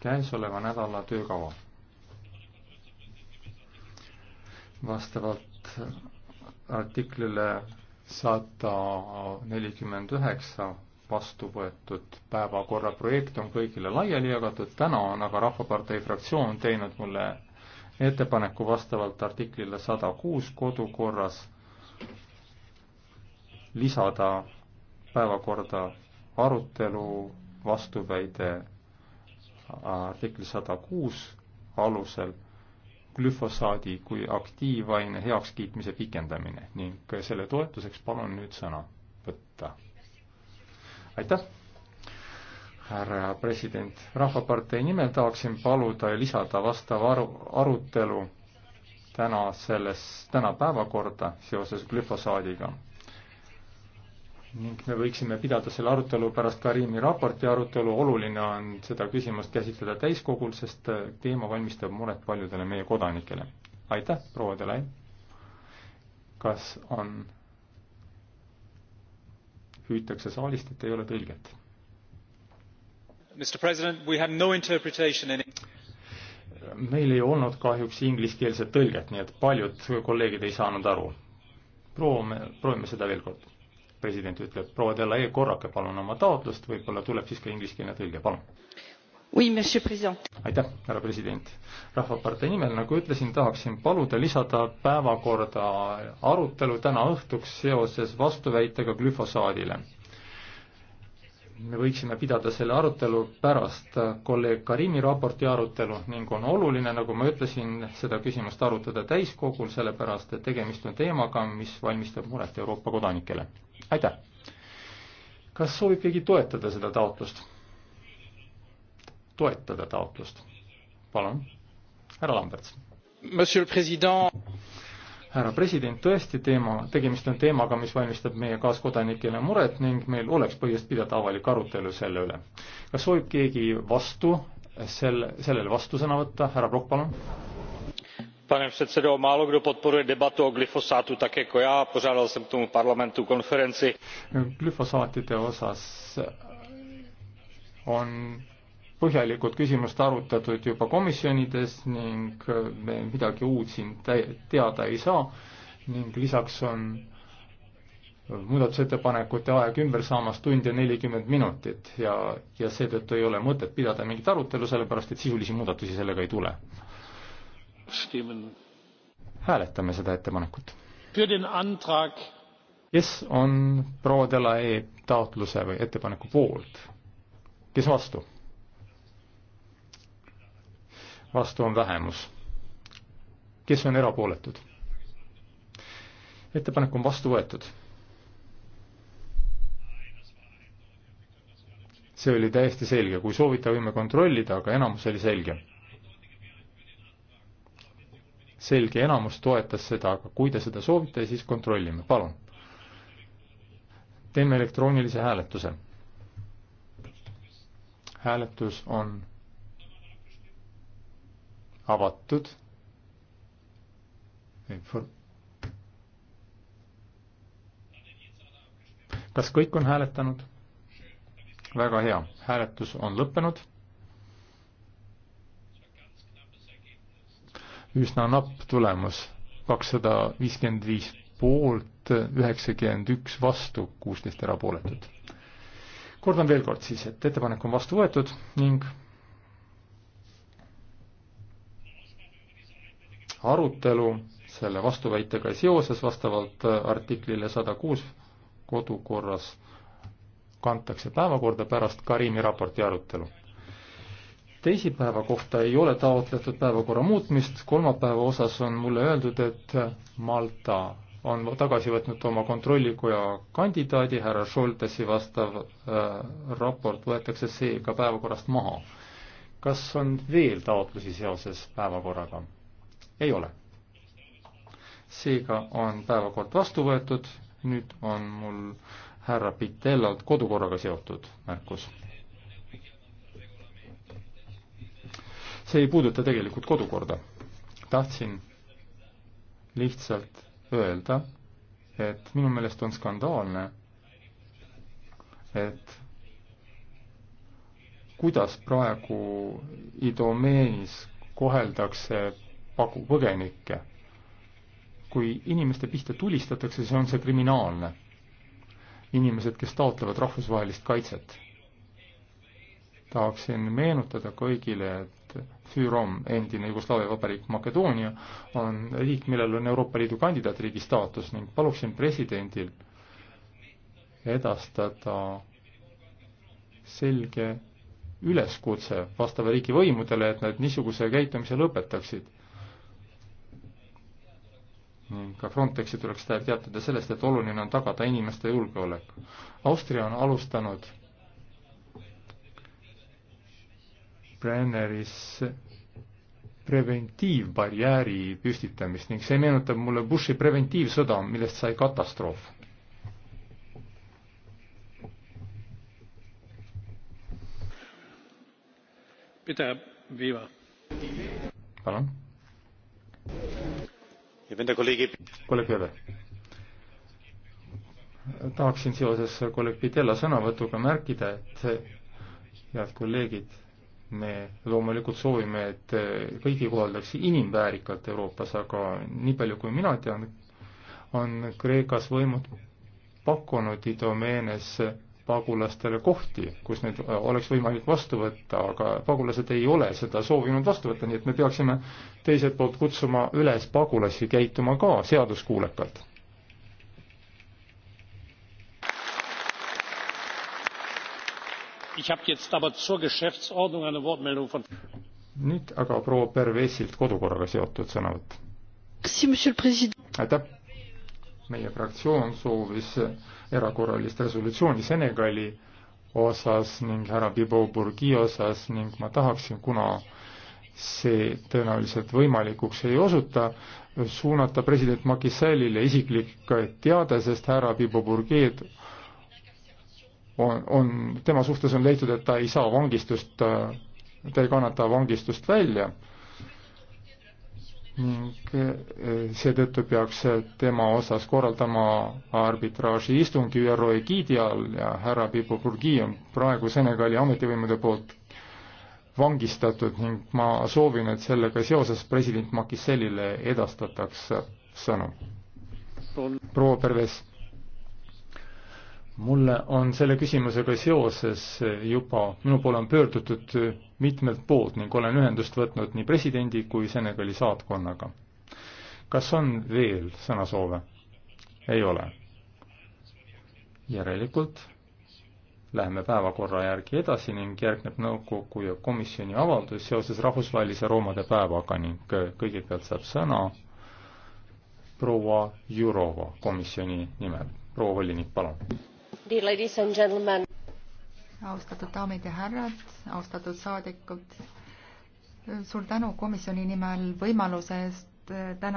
käesoleva nädala töökava. vastavalt artiklile sada nelikümmend üheksa vastu võetud päevakorra projekt on kõigile laiali jagatud, täna on aga Rahvapartei fraktsioon teinud mulle ettepaneku vastavalt artiklile sada kuus kodukorras lisada päevakorda arutelu vastuväide artikli sada kuus alusel glüfosaadi kui aktiivaine heakskiitmise pikendamine ning selle toetuseks palun nüüd sõna võtta. aitäh, härra president, Rahvapartei nimel tahaksin paluda lisada vastav aru, arutelu täna selles, täna päevakorda seoses glüfosaadiga ning me võiksime pidada selle arutelu pärast Karimi raporti arutelu, oluline on seda küsimust käsitleda täiskogul, sest teema valmistab muret paljudele meie kodanikele. aitäh, proua Delay! kas on, hüütakse saalist, et ei ole tõlget? No in... meil ei olnud kahjuks ingliskeelset tõlget, nii et paljud kolleegid ei saanud aru. proovime, proovime seda veel kord president ütleb, proua Delae, korrake palun oma taotlust, võib-olla tuleb siis ka ingliskeelne tõlge, palun. Oui, monsieur president. aitäh, härra president. rahvapartei nimel, nagu ütlesin, tahaksin paluda lisada päevakorda arutelu täna õhtuks seoses vastuväitega glüfosaadile me võiksime pidada selle arutelu pärast kolleeg Karimi raporti arutelu ning on oluline, nagu ma ütlesin, seda küsimust arutada täiskogul, sellepärast et tegemist on teemaga, mis valmistab muret Euroopa kodanikele aitäh! kas soovib keegi toetada seda taotlust? toetada taotlust, palun, härra Lamberts. härra president, tõesti teema, tegemist on teemaga, mis valmistab meie kaaskodanikele muret ning meil oleks põhjust pidada avalik arutelu selle üle. kas soovib keegi vastu sel, sellele vastusõna võtta, härra Prokk, palun? pane předsedající málokdo podporuje debatu o glyfosátu tak jako já. pořádal jsem k tomu parlamentu konferentsi. glyfosaatide osas eh, on põhjalikult küsimust arutatud juba komisjonides ning eh, me midagi uut siin teada ei saa ning lisaks on muudatusettepanekute aeg ümber saamas tund ja nelikümmend minutit ja, ja seetõttu ei ole mõtet pidada mingit arutelu, sellepärast et sisulisi muudatusi sellega ei tule hääletame seda ettepanekut. kes on proua Delae taotluse või ettepaneku poolt? kes vastu? vastu on vähemus. kes on erapooletud? ettepanek on vastu võetud. see oli täiesti selge, kui soovite, võime kontrollida, aga enamus oli selge selge enamus toetas seda, aga kui te seda soovite, siis kontrollime, palun. teeme elektroonilise hääletuse. hääletus on avatud. kas kõik on hääletanud? väga hea, hääletus on lõppenud üsna napp tulemus, kakssada viiskümmend viis poolt, üheksakümmend üks vastu, kuusteist erapooletut. kordan veel kord siis, et ettepanek on vastu võetud ning arutelu selle vastuväitega seoses vastavalt artiklile sada kuus kodukorras kantakse päevakorda pärast Karimi raporti arutelu teisipäeva kohta ei ole taotletud päevakorra muutmist, kolmapäeva osas on mulle öeldud, et Malta on tagasi võtnud oma kontrollikoja kandidaadi, härra Šoltesi vastav äh, raport võetakse seega päevakorrast maha. kas on veel taotlusi seoses päevakorraga? ei ole. seega on päevakord vastu võetud, nüüd on mul härra Pitellalt kodukorraga seotud märkus see ei puuduta tegelikult kodukorda. tahtsin lihtsalt öelda, et minu meelest on skandaalne, et kuidas praegu idomeenis koheldakse pagu põgenikke. kui inimeste pihta tulistatakse, siis on see kriminaalne. inimesed, kes taotlevad rahvusvahelist kaitset. tahaksin meenutada kõigile, et et Fürom, endine Jugoslaavia vabariik Makedoonia, on riik, millel on Euroopa Liidu kandidaatriigi staatus ning paluksin presidendil edastada selge üleskutse vastava riigi võimudele, et nad niisuguse käitumise lõpetaksid ning ka Frontexi tuleks teatada sellest, et oluline on tagada inimeste julgeolek. Austria on alustanud Brenneris preventiivbarjääri püstitamist ning see meenutab mulle Bushi preventiivsõda, millest sai katastroof. palun. kolleeg Jõle tahaksin seoses kolleeg Pidela sõnavõtuga märkida, et head kolleegid, me loomulikult soovime, et eh, kõigi kohaldaks inimväärikalt Euroopas, aga nii palju, kui mina tean, on Kreekas võimud pakkunud Idomeenes pagulastele kohti, kus neid eh, oleks võimalik vastu võtta, aga pagulased ei ole seda soovinud vastu võtta, nii et me peaksime teiselt poolt kutsuma üles pagulasi käituma ka seaduskuulekalt. nüüd aga proua Pervesilt kodukorraga seotud sõnavõtt. aitäh. meie fraktsioon soovis erakorralist resolutsiooni Senegali osas ning härra Bibo Burgi osas ning ma tahaksin, kuna see tõenäoliselt võimalikuks ei osuta, suunata president Makisalile isiklik teade, sest härra Bibo Burgeed on, on, tema suhtes on leitud, et ta ei saa vangistust, äh, ta ei kannata vangistust välja ning äh, seetõttu peaks tema osas korraldama arbitraaži istungi ÜRO egiidi all ja härra Pipo Burgi on praegu Senegali ametivõimude poolt vangistatud ning ma soovin, et sellega seoses president Makiselile edastataks sõnum. proua Perves mulle on selle küsimusega seoses juba, minu poole on pöördutud mitmelt poolt ning olen ühendust võtnud nii presidendi kui Senegali saatkonnaga. kas on veel sõnasoove? ei ole. järelikult läheme päevakorra järgi edasi ning järgneb nõukogu ja komisjoni avaldus seoses rahvusvahelise roomade päevaga ning kõigepealt saab sõna proua Jurova komisjoni nimel. proua volinik, palun austatud daamid ja härrad, austatud saadikud, suur tänu komisjoni nimel võimaluse eest täna